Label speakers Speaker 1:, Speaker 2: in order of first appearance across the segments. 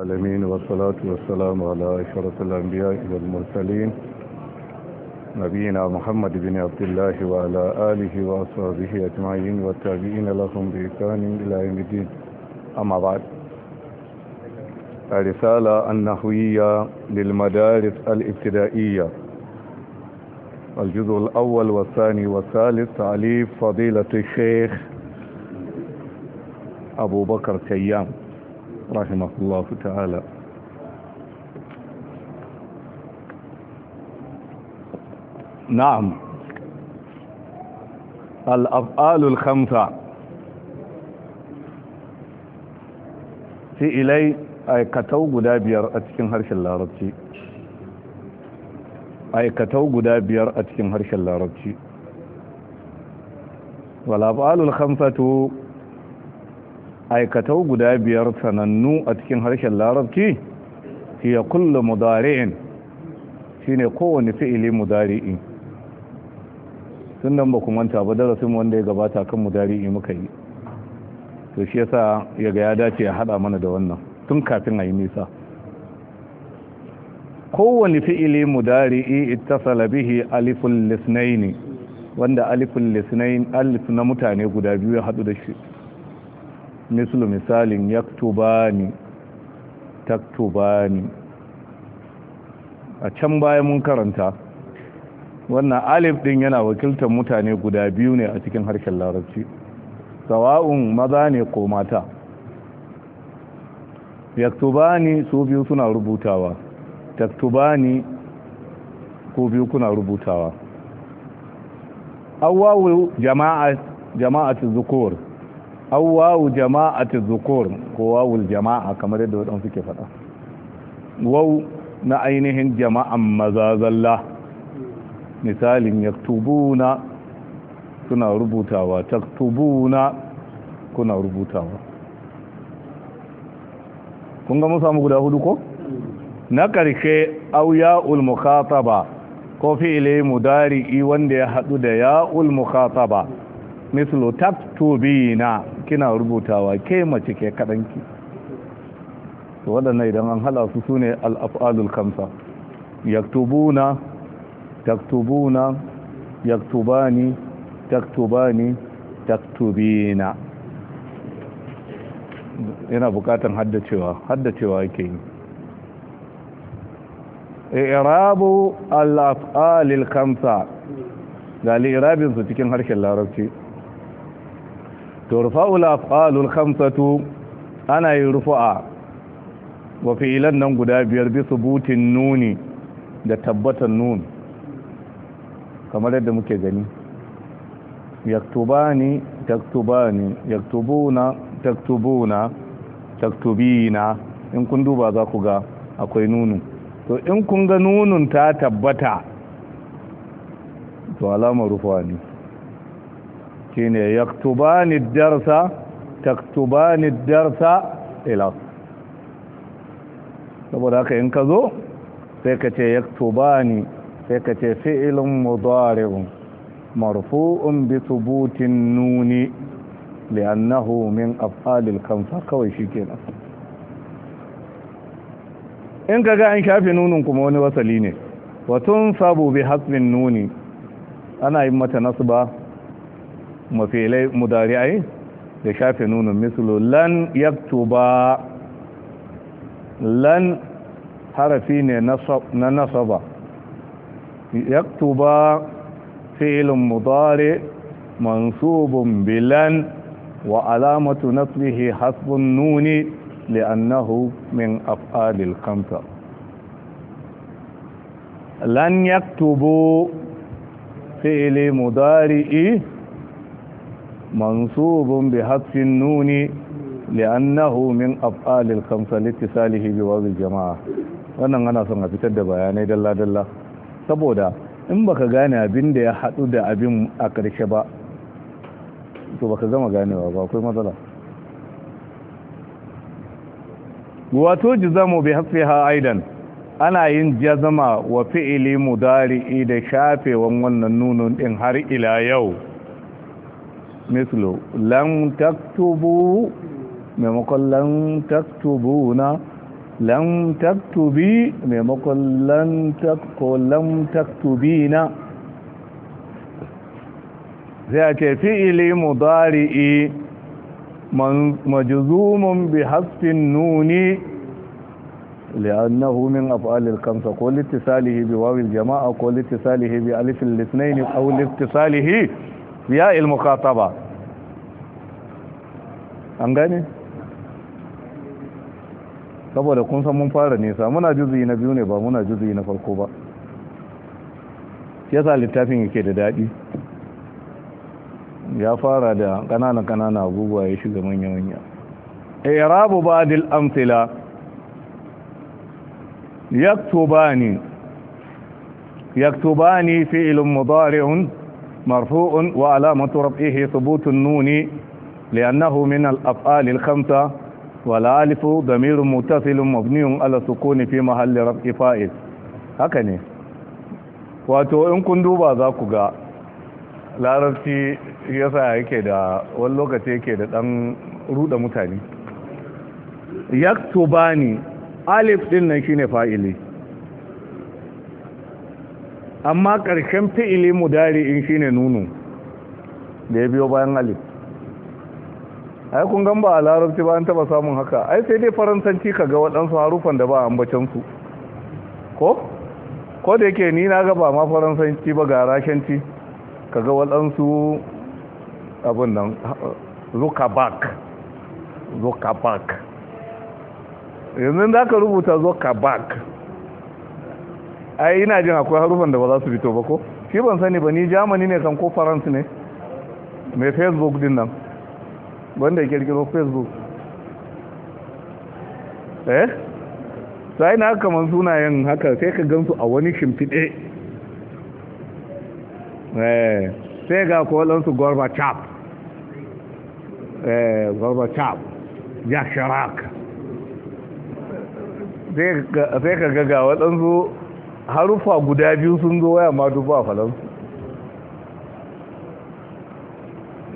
Speaker 1: العالمين والصلاة والسلام على أشرف الأنبياء والمرسلين نبينا محمد بن عبد الله وعلى آله وأصحابه أجمعين والتابعين لهم بإحسان إلى يوم الدين أما بعد الرسالة النحوية للمدارس الابتدائية الجزء الأول والثاني والثالث تعليف فضيلة الشيخ أبو بكر سيام رحمه الله تعالى نعم الأفعال الخمسة في إلي aikatau guda biyar a cikin harshen larabci aikatau guda biyar a cikin harshen larabci walafalul hamsatu aikatau guda biyar sanannu a cikin harshen larabci ya kullu mudari'in ne kowane fi'ili mudari'i sunan ba ku manta ba darasin wanda ya gabata kan mudari'i muka yi to shi yasa yaga ya dace ya hada mana da wannan tun kafin a yi nisa kowane fi'ili mudari'i ittasala bihi aliful ne wanda aliful lisnain alif na mutane guda biyu ya hadu da shi mislu misalin yaktubani taktubani a can baya mun karanta wannan alif din yana wakiltar mutane guda biyu ne a cikin harshen larabci sawa'un maza ne ko mata yaktubani su biyu suna rubutawa taktubani ko biyu kuna rubutawa awwawu jama'a jama'atu zukur awawu wawu jama'ati dhukur ko wawul jama'a kamar yadda wadansu suke faɗa waw na ainihin jama'an mazazalla misalin yaktubuna suna rubutawa taktubuna kuna rubutawa kun ga mun samu guda hudu ko na karshe aw ya'ul mukhataba ko fi'li mudari wanda ya hadu da ya'ul mukhataba mislu taktubina kina rubutawa ke mace ke kaɗanki to waɗannan idan an hala su sune al-af'alul kamsa yaktubuna taktubuna yaktubani taktubani taktubina yana bukatan haddacewa haddacewa yake yi irabu al'af'alil kamsa ga su cikin harshen larabci to rufa'ul af'alul khamsatu ana yin rufa'a wa fi'ilan nan guda biyar bi subutin nuni da tabbatan nun kamar yadda muke gani yaktubani taktubani yaktubuna taktubuna taktubina in kun duba za ku ga akwai nunu to in kun ga nunun ta tabbata to alama rufa'a ne shine yaktubani darsa taktubani darsa ila saboda haka in ka zo sai ka ce yaktubani sai ka ce fi'ilun mudari'un marfu'un bi thubutin nuni li'annahu min af'alil kamsa kawai shikenan in kaga an shafe nunin kuma wani wasali ne Ba tun bi hasbin nuni ana yin mata nasba mafilai mudari'ai da shafe nunin mislu lan yaktuba lan harafi ne na nasaba yaktuba fi'ilun mudari mansubun bilan wa alamatu nasbihi hasbun nuni li'annahu min af'alil kamsa lan yaktubu fi'ili mudari'i منصوب بحذف النون nuni من min الخمسه لاتصاله بواو الجماعه wannan ana son a fitar da bayanai dalla dalla saboda in baka gane abin da ya hadu da abin a karshe ba to baka gama ganewa ba akwai matsala wato bi aidan ana yin jazama wa fi'ili mudari'i da shafewan wannan nunun ɗin har ila yau مثل لم تكتبوا ميمقل لن تكتبون لم تكتبي ميمقل لن تكتب لم تكتبين ذاك فعل مضارع مجزوم بحذف النون لأنه من أفعال الخمسة قول اتصاله بواو الجماعة قول اتصاله بألف الاثنين أو لاتصاله ya ilmukataba an gane saboda kun san mun fara nisa muna juzuyi na biyu ne ba muna juzuyi na farko ba yasa littafin yake da daɗi ya fara da ƙananan-ƙananan abubuwa ya shiga manya-manya irabu badil amsila yaktubani fi ilin mudari'un مرفوع وعلامة رفعه ثبوت النون لأنه من الأفعال الخمسة والآلف ضمير متصل مبني على السكون في محل رفع فائل هكذا wato in kun duba za ku ga larabci yasa yake da wani lokaci yake da ɗan ruɗa mutane yaktubani alif ɗin nan shine fa'ili amma ƙarshen fi'ili shi shine nunu da ya biyo bayan alif ai kun gan ba a larabci ba an taba samun haka ai sai dai faransanci ka ga waɗansu harufan da ba a ambacinsu ko ko da yake ni na ga ba ma faransanci ba ga rashanci ka ga waɗansu abin nan zukabak zukabak yanzu da ka rubuta zukabak ai ina jin akwai harufan da ba za su fito ba ko shi ban sani ba ni germany ne kan ko france ne mai facebook din nan wanda ya kirkiro facebook eh sai na kaman sunayen haka sai ka gansu a wani shimfiɗe eh sai ga kowalansu gorbachev eh gorbachev ya sharak sai ka ga waɗansu harufa guda biyu sun zo waya ma dubu a falansu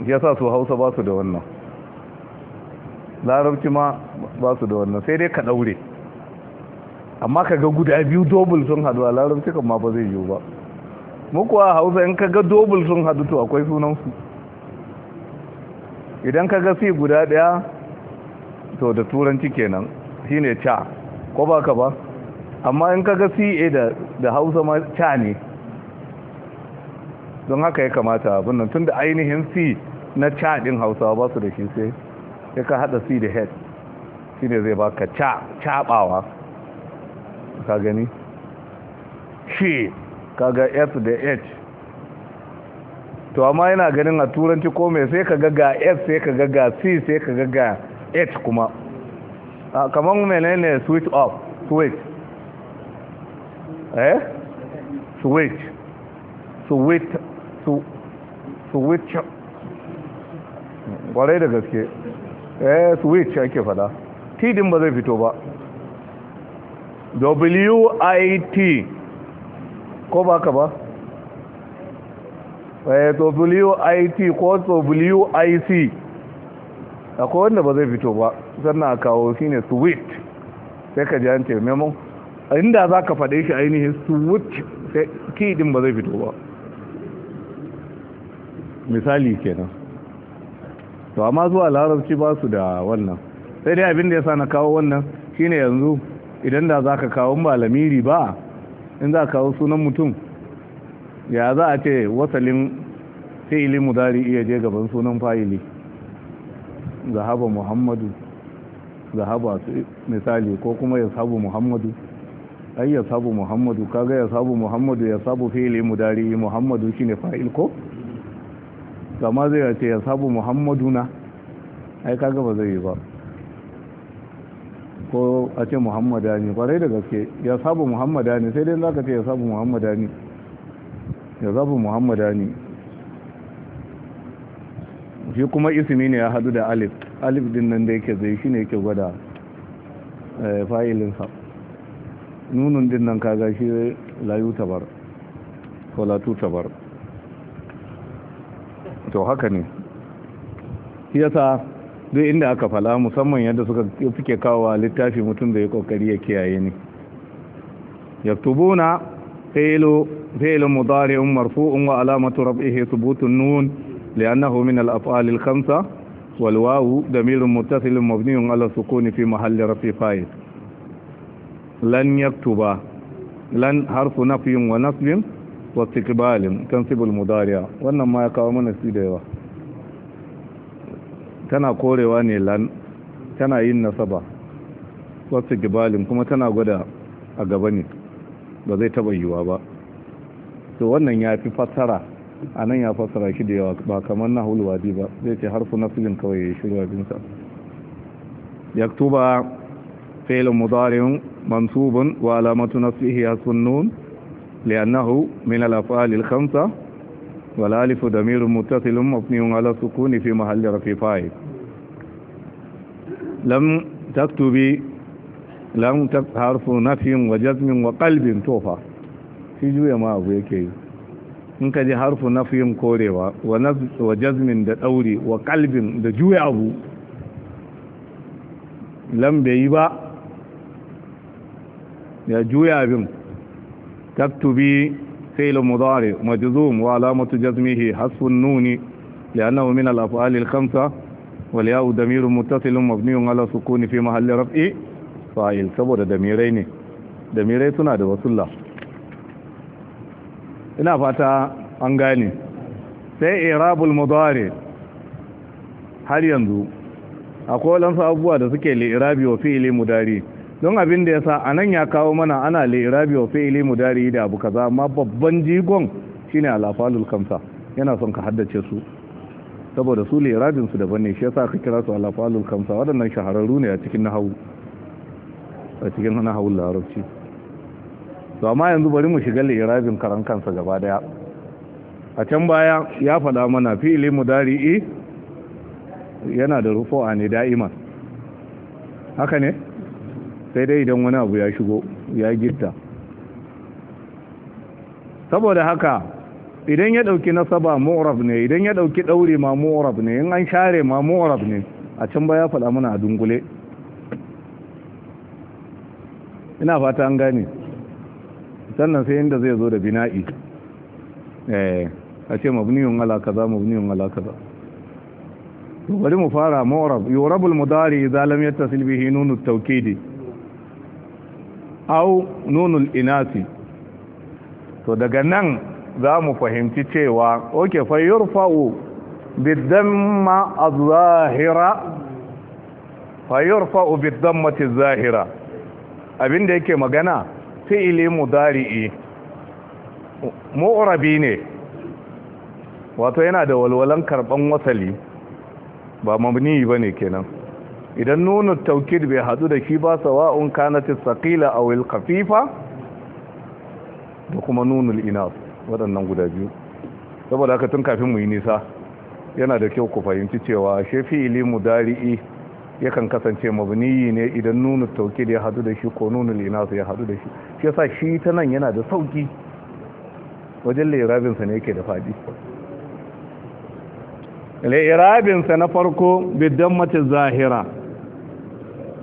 Speaker 1: ya sa su hausa ba su da wannan larabci ma ba su da wannan sai dai ka daure amma ka ga guda biyu dobul sun hadu a larabci kan ma ba zai yiwu ba muku a hausa in ka ga dobul sun hadu to akwai sunansu idan ka ga fi guda daya to da turanci kenan shine ca ko ba ka ba amma in ka ga ca da da hausa ma ta ne don haka ya kamata abin nan tun da ainihin c na ca din hausa ba su da shi sai ya ka hada c da head shi ne zai baka ca cabawa ka gani shi kaga f da h to amma yana ganin a turanci ko mai sai ka gaga f sai ka gaga c sai ka gaga h kuma ah, kamar menene switch off switch eh su wait su wait su su wait kwarai da gaske eh su wait ake fada din ba zai fito ba w-i-t ko ba ka ba eh w-i-t ko to w-i-c akwai wanda ba zai fito ba sannan a kawo shine su wait sai ka ji an ce memon inda za ka faɗe shi ainihin su wuce kidin ba zai fito ba misali kenan to amma zuwa larabci ba su da wannan sai dai abin da ya sa na kawo wannan shine yanzu idan da za ka kawo ba lamiri ba in za ka kawo sunan mutum ya za a ce wasalin fi'ili mudari iya je gaban sunan fa'ili zahaba muhammadu zahaba misali ko kuma ya muhammadu ai ya sabu muhammadu kaga ya sabu muhammadu ya sabu mu mudari muhammadu shine fa'il ko kama zai ce ya sabu na? ai kaga ba zai yi ba ko a ce muhammada ne kwarai da gaske ya sabu muhammada ne sai dai za ka ce ya sabu muhammada ne ya sabu muhammada ne shi kuma ismi ne ya hadu da alif alif din nan da yake zai shi ne yake gwada eh, fa'ilinsa nunun din nan kaga shi layu tabar ko latu tabar to haka ne yasa duk inda aka fala musamman yadda suka fike kawo littafi mutum da ya kokari ya kiyaye ne yaktubuna fa'ilu fi'lun mudari'un marfu'un wa alamatu rab'ihi thubutun nun li'annahu min al-af'al al-khamsa wal wawu damirun muttasilun mabniun ala sukuni fi mahalli rafi fa'il lan yaktuba lan harfu nafyin wa nasbin wa istiqbalin tansibul mudari'a wannan ma ya kawo mana su da yawa tana korewa ne lan tana yin nasaba wa istiqbalin kuma tana gwada a gaba ne ba zai taba yiwa ba to wannan ya fi fassara a nan ya fassara shi da yawa ba kamar na hulwadi ba zai ce harfu nafyin kawai ya shiru abinsa yaktuba فعل مضارع منصوب وعلامة نصبه السنون لأنه من الأفعال الخمسة والالف ضمير متصل مبني على السكون في محل رفع فاعل لم تكتبي لم تكتب حرف نفي وجزم وقلب توفى في جوية ما أبو يكي in ka ji harfu na fiyin korewa wa jazmin da ɗauri wa kalbin da juya abu lambe yi ba ya juya bin taktubi failun mudari majzum wa alamatu jazmihi hasfun nuni li'annahu min al-af'ali al-khamsa wal ya'u damirun muttasilun mabniun ala sukuni fi mahalli raf'i fa'il saboda damirai ne damirai suna da wasulla ina fata an gane sai irabul mudari har yanzu akwai lansa abubuwa da suke li'irabi wa fi'li mudari don abin da ya sa a nan ya kawo mana ana lirabi wa fi'ili mudari da abu kaza amma babban jigon shine alafalul kamsa yana son ka haddace su saboda su lirabin su daban ne shi yasa ka kira su alafalul kamsa waɗannan shahararru ne a cikin nahawu a cikin nahawu larabci to amma yanzu bari mu shiga lirabin karan kansa gaba daya a can baya ya faɗa mana fi'ili mudari'i yana da rufu'a ne da'iman haka ne sai dai idan wani abu ya shigo ya gitta saboda haka idan ya dauki nasaba mu'rab ne idan ya dauki daure ma mu'rab ne in an share ma mu'rab ne a can ba ya faɗa muna a dungule ina fata an gane sannan sai inda zai zo da bina'i eh a ce mabniyun ala kaza mabniyun ala kaza to bari mu fara mu'rab yurabul mudari idza lam yattasil bihi nunu tawkidi au nunul inasi to daga nan za mu fahimci cewa oke fayyar fa'o bidamma a zahira fayyar fa'o biddammati zahira abinda yake magana fi'ili mudari'i mu'urabi ne wato yana da walwalan karban wasali ba mamni ba ne kenan idan nuna taukid bai hadu da shi ba sawa'un kanatis saqila aw al khafifa da kuma nunul inas waɗannan guda biyu saboda haka tun kafin mu yi nisa yana da kyau ku fahimci cewa shafi ilimu dari'i yakan kasance mabniyi ne idan nunu taukid ya hadu da shi ko nunul inas ya hadu da shi shi yasa shi ta nan yana da sauki wajen sa ne yake da fadi sa na farko bidan mace zahira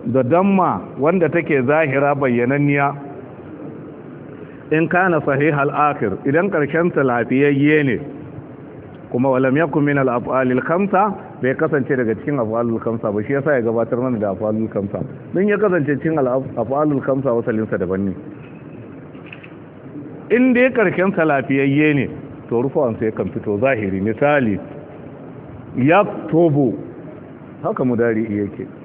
Speaker 1: da damma wanda take zahira bayyananniya in kana sahih al-akhir idan karshen ta lafiyayye ne kuma walam yakun min al al khamsa bai kasance daga cikin af'alul khamsa ba shi yasa ya gabatar mana da af'alul khamsa din ya kasance cikin af'alul khamsa wasalin sa daban ne in dai karshen ta lafiyayye ne to rufuwan sai kan fito zahiri misali yaktubu haka mudari yake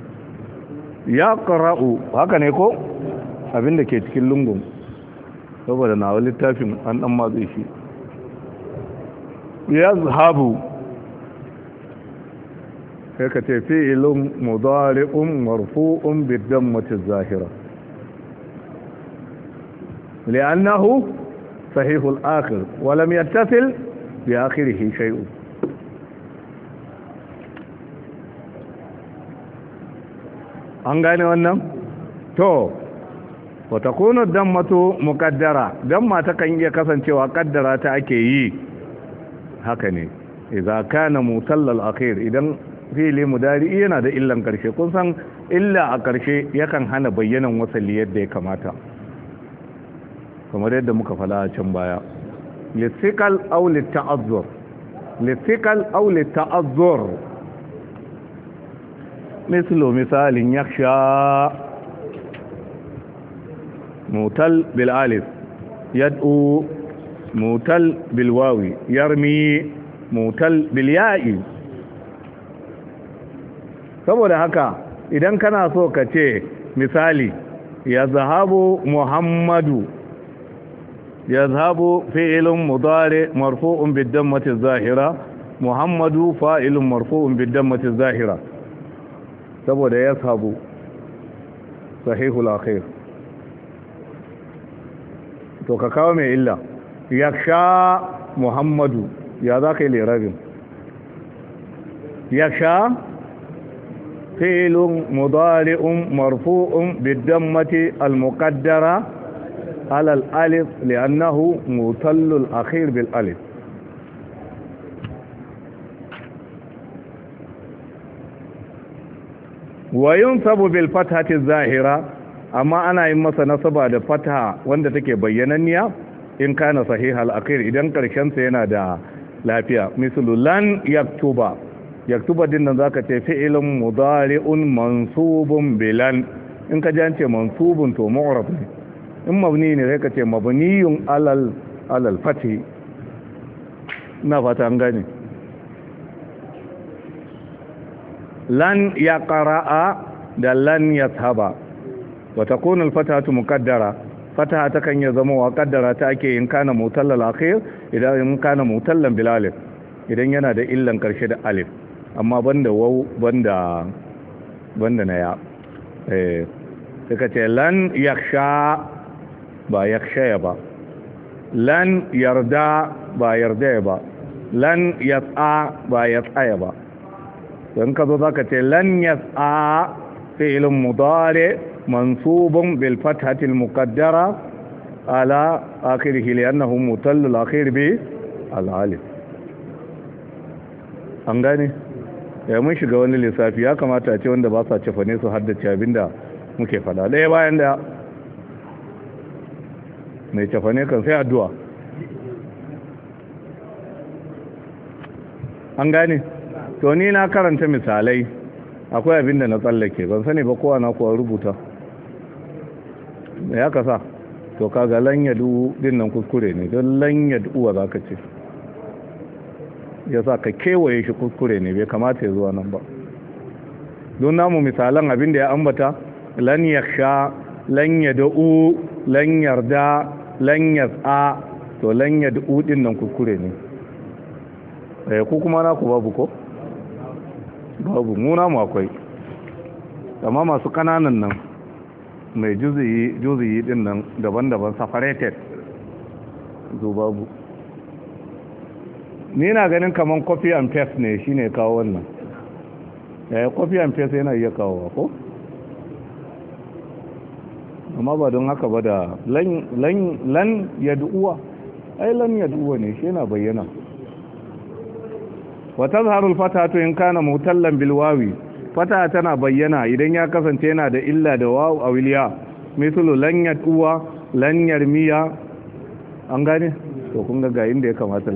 Speaker 1: ya ƙara'u haka ne ko abinda ke cikin lungun saboda nawa littafin an ɗan mazu shi ya zahabu sai ka tafi ilin mudari'un marfu'un bidan mace zahira li'annahu sahihul akhir walam yattasil bi akhirihi shay'un an gane wannan to wata kunar dammatu mukaddara dan mata kan iya kasancewa kaddara ta ake yi haka ne idza kana musallal akhir idan fili mudari yana da illan karshe kun san illa a karshe yakan hana bayyanan wasali yadda ya kamata kamar yadda muka fala a can baya lithiqal aw litta'azzur lithiqal aw litta'azzur mislu misalin yaksha mutal bil alif yad'u mutal bil wawi yarmi mutal bil ya'i saboda haka idan kana so ka ce misali ya zahabu muhammadu ya zahabu fi'ilun mudari marfu'un biddan mati zahira muhammadu fa'ilun marfu'un biddan mati zahira saboda ya sabu sahihu akhir to ka kawo mai illa ya sha muhammadu ya za ka yi lirabin ya sha filin mudari'un marfu'un bidan mati al-muqaddara alal alif li'annahu mutallul akhir bil alif wa sabu bil fathati zahira amma ana yin masa nasaba da fata wanda take bayyananniya in kana sahihal akhir idan karshen sa yana da lafiya mislu lan yaktuba yaktuba din nan zaka ce fi'ilun mudari'un mansubun bilan in ka jance mansubun to mu'rab ne in mabni ne sai ka ce mabniyun alal alal fathi na fata an gane lan ya ƙara'a da lan ya saba wata fata fatatu muƙaddara fataha ta kan ya zama wa ƙaddara ta ake yin kana mutallal akhir idan yin kana mutallan bilalif idan yana da illan ƙarshe da alif amma banda wau banda banda na ya eh suka ce lan sha ba yakshaya ba lan yarda ba yarda ba lan yatsa ba yatsaya ba in ka zo za ka ce lanyas a fi'ilin mudare mansubin bil fathatil muqaddara ala akiri hili annahu mutallul akhir bi al an gane ya mun shiga wani lissafi ya kamata a ce wanda ba sa cefane su haddace da muke fada ɗaya bayan da mai cefane kan sai addu'a an gane to ni na karanta misalai akwai abin da na tsallake ban sani ba kowa na kuwa rubuta ya kasa to kaga lanyadu din nan kuskure ne don lanyadu uwa za ka ce ya sa ka kewaye shi kuskure ne bai kamata ya zuwa nan ba don namu misalan abin da ya ambata lanyar sha, lan yad'u lan da, lan yas'a to lan yad'u din nan kuskure ne eh, ku kuma na ku babu ko babu muna mu akwai amma masu kananan nan mai juziyi din nan daban-daban separated zo babu ni na ganin kaman copy and paste ne shine kawo wannan eh copy and paste yana iya kawo ko amma ba don haka ba da lan lan lan yad'uwa ai lan yad'uwa ne shi yana bayyana wa tazharu alfatatu in kana mutallan bilwawi, fata tana bayyana idan ya kasance yana da illa da wawu a wiliya mislu lan yaduwa lan yarmiya an gane to kun ga inda ya kamata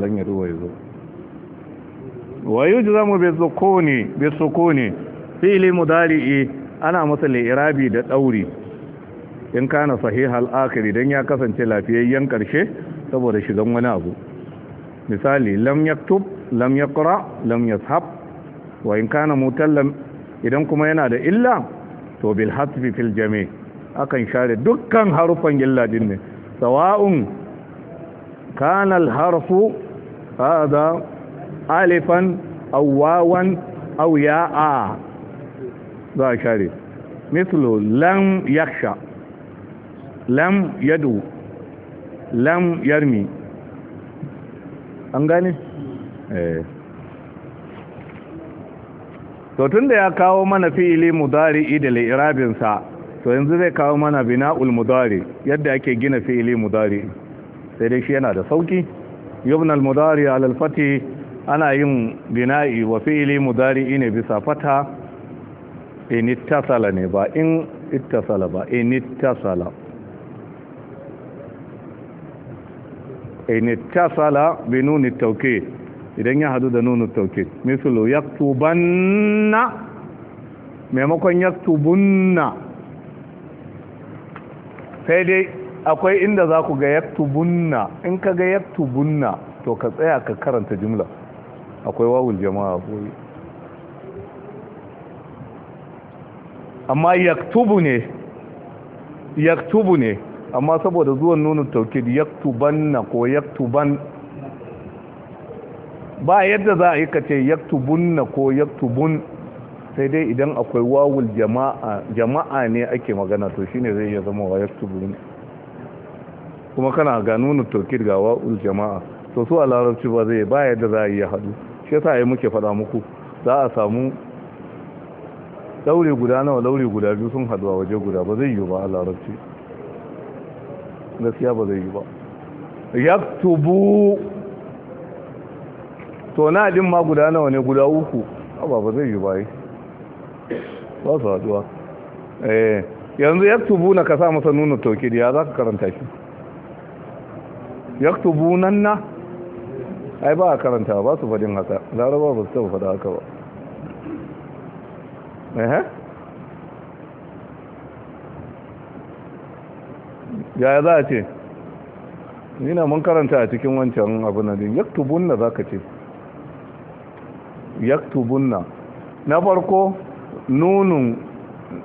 Speaker 1: fi'li mudari'i ana masa li'irabi da ɗauri. in kana sahihal akhir idan ya kasance lafiyayyen karshe saboda shigan wani abu misali lam yaktub lam yaqra lam yashab wa in kana mutallam idan kuma yana da illa to bil hasbi fil jami' akan share dukkan harufan illa din ne sawa'un kana al harfu hada alifan aw wawan aw ya'a za a share mislu lam yakhsha lam yadu lam yarmi an gane Eh. to tun da ya kawo mana fi'ili mudari da rabinsa, to yanzu zai kawo mana bina'ul ulmudari yadda ake gina fi'ili mudari sai dai shi yana da sauki yubnal mudari alal ana yin bina'i wa fi'ili mudari ne bisa fata in ittasala ne ba in ittasala ba in ittasala in ittasala binun tawkid idan ya hadu da nunu tauke ya yaktubanna maimakon yaktubunna sai dai akwai inda za ku ga yaktubunna in ka ga yaktubunna to ka tsaya ka karanta jimla, akwai wawul jama'a koyi amma yaktubu ne yaktubu ne amma saboda zuwan nunu ya yaktubanna ko yaktuban ba yadda za a yi kace Yaktubun yaktubunna ko yaktubun sai dai idan akwai wawul jama'a jama'a ne ake magana to shine zai iya zama wa yaktubun kuma kana ga nunu tokid ga wawul jama'a to su a larabci ba zai ba yadda za a yi haɗu shi yasa yi muke faɗa muku za a samu daure guda nawa daure guda biyu sun haɗu a waje guda ba zai yi ba a larabci gaskiya ba zai yi ba yaktubu to na din ma guda nawa ne guda uku abu ah, ba zai yi bayi ba su haduwa eh yanzu yaktubuna ka sa masa nuna da ya za ka karanta shi nan na ai ba a karanta ba su fadin haka laraba ba su taba fada haka ba ehe yaya za a ce nina mun karanta a cikin wancan abu na din yaktubun na za ka ce yaktubunna na farko nunun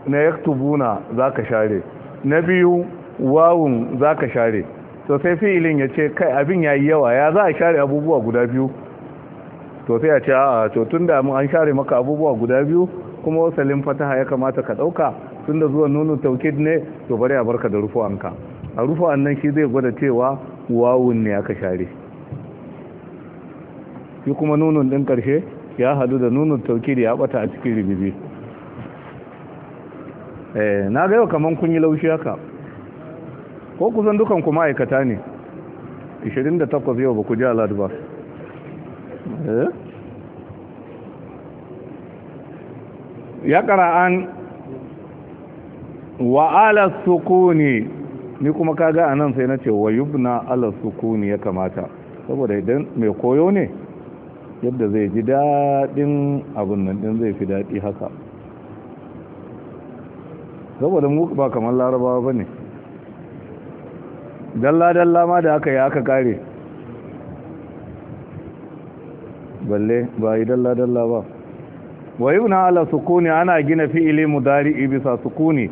Speaker 1: na yaktubuna ka share na biyu wawun za ka share to sai fi'ilin ya ce kai abin ya yi yawa ya za a share abubuwa guda biyu to sai a ce a to da an share maka abubuwa guda biyu kuma wasalin fataha ya kamata ka dauka da zuwa nunu taukid ne to bari a barka da rufuwanka a rufuwan nan shi zai gwada cewa wawun ne aka share shi kuma nunun ɗin karshe ya hadu da nunin taukiri ya bata a cikin ribibi eh na ga yau kaman kun yi laushi haka ko kusan dukan ku ma'aikata ne 28 yau ba ku ji alad ba eh? ya kara an wa ala sukuni ni kuma kaga anan sai na ce wa yubna ala sukuni ya kamata saboda idan mai koyo ne yadda zai ji daɗin abin nan ɗin zai fi daɗi haka saboda mu ba kamar larabawa ba ne dalla-dalla ma da aka yi aka kare balle ba yi dalla-dalla ba wa yi na ala sukuni ana gina fi'ili mudari'i bisa sukuni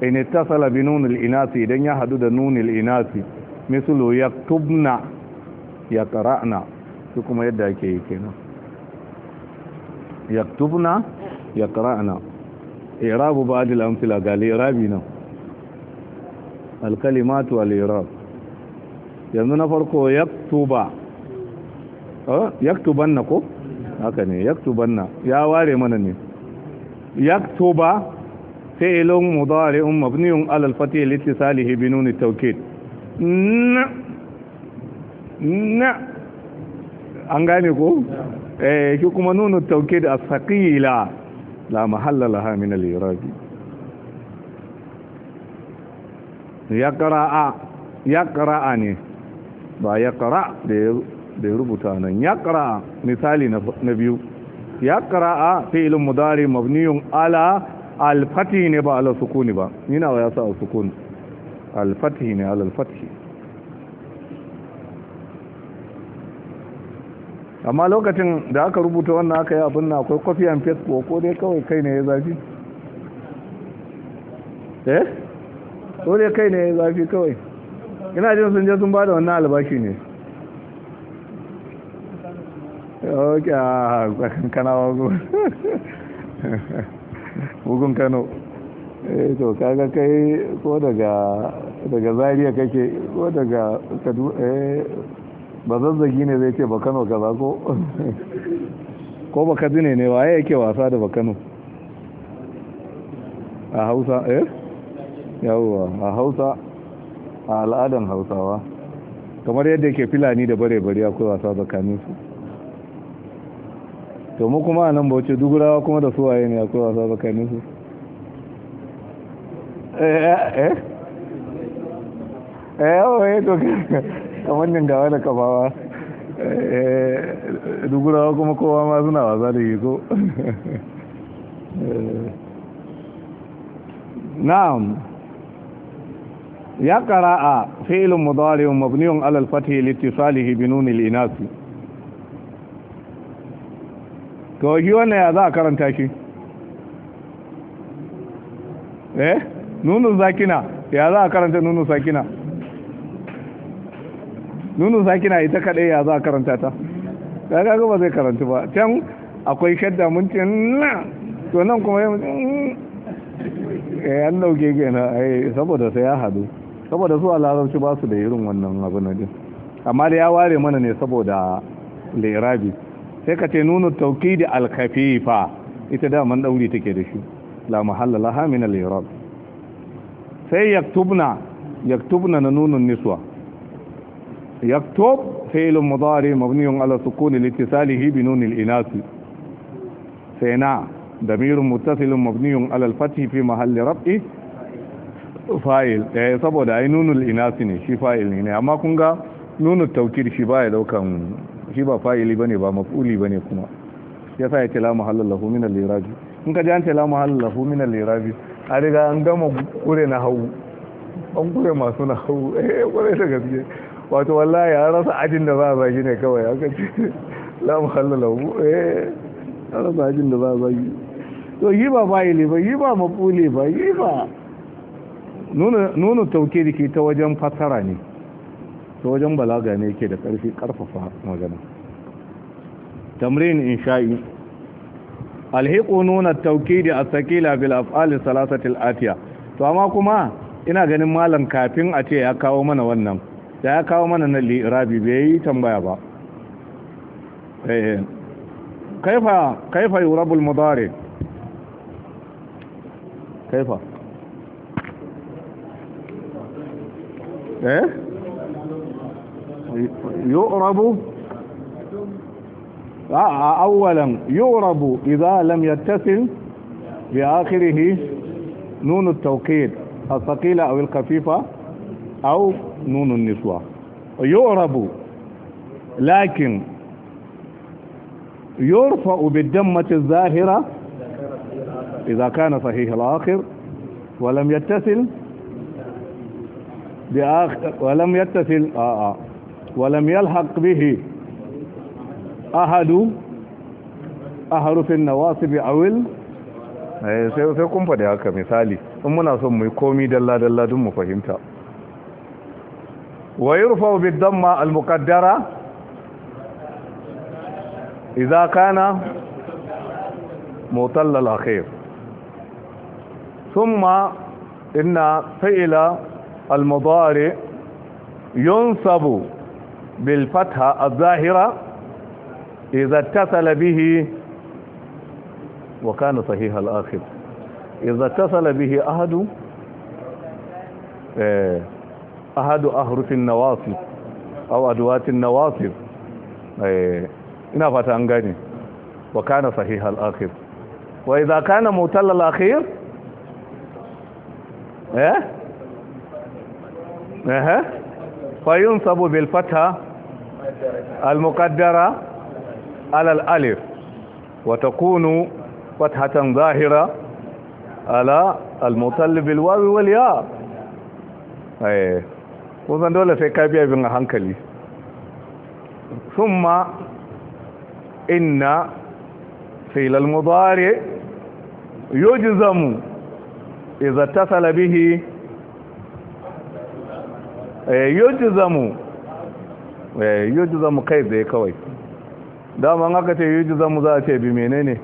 Speaker 1: in ta bi nunil inasi idan ya hadu da nunil inasi tubna, ya ƙara'na. su kuma yadda ake yi kenan ya Ya yaqra'na i'rabu ba'd al-amthila ga al-i'rabi nan al-kalimatu wal-i'rab yanzu na farko yaktuba eh yaktubanna ko haka ne yaktubanna ya ware mana ne yaktuba fi'lun mudari'un mabniun 'ala al-fathi li ittisalihi bi nun at-tawkid na na an gane ko eh shi kuma nunu tauke da asaqila la mahalla laha min al-irabi yaqra'a yaqra'a ne ba yaqra da rubuta nan yaqra misali na biyu yaqra'a fi'lun mudari mabniyun ala al-fathi ne ba ala sukuni ba ina wa yasa al-sukun al-fathi ne ala al-fathi amma lokacin da aka rubuta wannan aka yi abin na akwai copy and paste ko dai kawai kai ne ya zafi eh ko dai kai ne ya zafi kawai ina jin sun je sun ba da wannan albashi ne ok a kan kanawa bugun kano eh to kaga kai ko daga daga zariya kake ko daga eh ba zazzagi ne zai ce ba kano kaza ko ko ba kaji ne ne waye yake wasa da ba kano a hausa eh yawwa a hausa a al'adan hausawa kamar yadda ke filani da bare-bare akwai wasa tsakanin su to mu kuma a nan bauchi dugurawa kuma da suwaye ne akwai wasa tsakanin su eh eh eh eh, eh a wannan gawa da kafawa eh, dugurawa kuma kowa ma suna wasa da yi ko eh, na'am ya a fi'lun mudari'un mabniun 'ala al-fathi salihi bi nun al-inas to wannan ya za a karanta shi eh nunu zakina ya za a karanta nunu sakina nunu sakina ita kaɗai ya za a karanta ta ya kaga ba zai karanta ba can akwai shadda mun ce na to nan kuma ya mutu. Mm. Eh, an dauke gina eh, saboda sai ya hadu saboda su a larabci ba su da irin wannan abu na din amma da ya ware mana ne saboda lirabi sai ka ce nunu tauki da alkafifa ita da man dauri take da shi la muhallala laha min sai yaktubna yaktubna na nunun niswa يكتب فعل مضارع مبني على سكون لاتصاله بنون الإناث سينا ضمير متصل مبني على الفتح في محل رفع fa'il eh saboda ai nunul inasi ne shi fa'il ne amma kun ga nunul taukid shi baya daukan shi ba fa'ili bane ba maf'uli bane kuma yasa ya ce la mahallallahu min al-iraj in an ce la mahallallahu min al-iraj a riga an gama kure na hawu an kure masu na hawu eh kure da gaske wato wallahi ya rasa ajin da ba a zagi ne kawai aka ce la muhalla lahu eh ya rasa ajin da ba a zagi to yi ba fa'ili ba yi ba mafuli ba yi ba nuna tauke da ke ta wajen fasara ne ta wajen balaga ne ke da ƙarfi ƙarfafa magana tamrin insha'i alhiqu nuna tawkidi as-sakila bil af'ali salasati al-atiya to amma kuma ina ganin malam kafin a ce ya kawo mana wannan ta ya kawo mana na rabi bai yi tambaya ba eh kaifa kaifa yurabul mudari kaifa eh yurabu يؤرب أولا يؤرب إذا لم يتصل بآخره نون التوكيد الثقيلة أو الخفيفة أو نون النسوة يعرب لكن يرفع بالدمة الظاهرة إذا كان صحيح الآخر ولم يتصل بآخر ولم يتصل آآ آه، آآ آه، ولم يلحق به أحد أحرف النواصب أو ال sai kun faɗi haka مثالي in muna son mu yi komi dalla ويرفع بالضمة المقدرة إذا كان مطل الأخير ثم إن فعل المضارع ينصب بالفتحة الظاهرة إذا اتصل به وكان صحيح الآخر إذا اتصل به أحد إيه احد احرف النواصب او ادوات النواصب ايه انا فاتان غني وكان صحيح الأخير واذا كان موتل الاخير ايه اها فينصب بالفتحه المقدره على الالف وتكون فتحه ظاهره على المطلب الواو والياء ايه kusan dole sai ka biya bin a hankali summa inna filal mudari yujzamu idza tasala bihi eh, yujzamu eh, zamu kai zai kawai daman aka ce zamu za a ce bi menene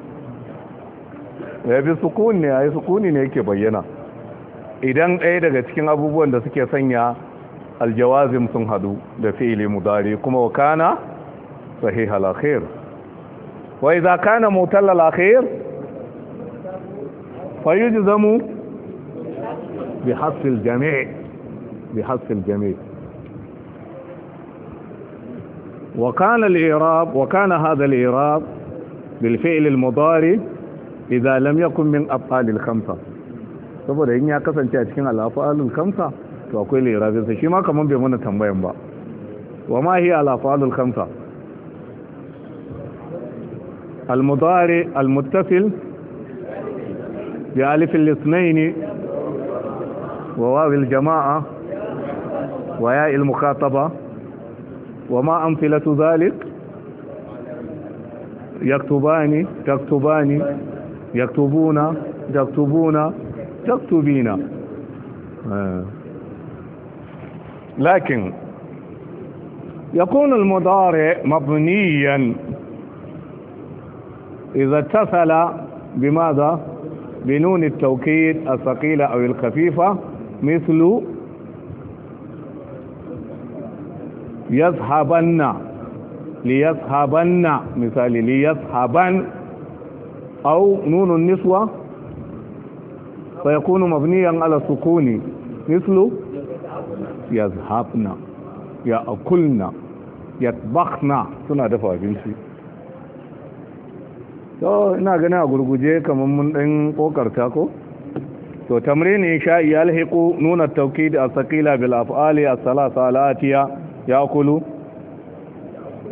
Speaker 1: ya eh, bi sukuni ne a yi sukuni ne yake bayyana idan ɗaya daga cikin abubuwan da suke sanya الجوازم سن هدو لفعل مضارع كما وكان صحيح الاخير واذا كان مطل الاخير فيجزم بحث الجميع بحث الجميع وكان الاعراب وكان هذا الاعراب بالفعل المضاري اذا لم يكن من ابطال الخمسه saboda إني ya kasance a cikin alafa'alun kamsa to akwai lirabinsa shi ma kamar bai mana tambayan ba wa ma hiya alafalul khamsa المضارع المتصل بألف الاثنين وواو الجماعة وياء المخاطبة وما أمثلة ذلك يكتبان تكتبان يكتبون تكتبون تكتبين لكن يكون المضارع مبنيا إذا اتصل بماذا بنون التوكيد الثقيلة أو الخفيفة مثل يذهبن ليذهبن مثال ليذهبن أو نون النسوة فيكون مبنيا على السكون مثل yazhabna ya akulna ya yatbakhna suna dafa abinci to ina gani a gurguje kamar mun ɗan ƙoƙarta ko to tamrini sha'i yalhiqu nuna tawkid as-saqila bil af'ali as-salasa al-atiya yaqulu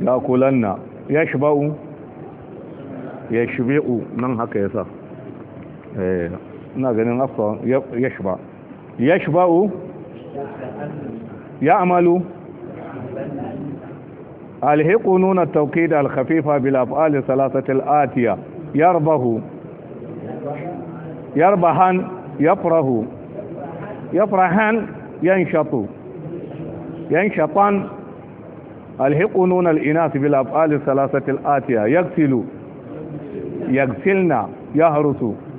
Speaker 1: yaqulanna yashba'u yashbi'u nan haka yasa eh ina ganin afwa yashba yashba'u ya amalu alhiqu nuna tawkid alkhafifa bil af'al salasati atiya. yarbahu yarbahan yafrahu yafrahan yanshatu yanshatan الحق نون الإناث بالأفعال الثلاثة الآتية يغسل يغسلنا يهرس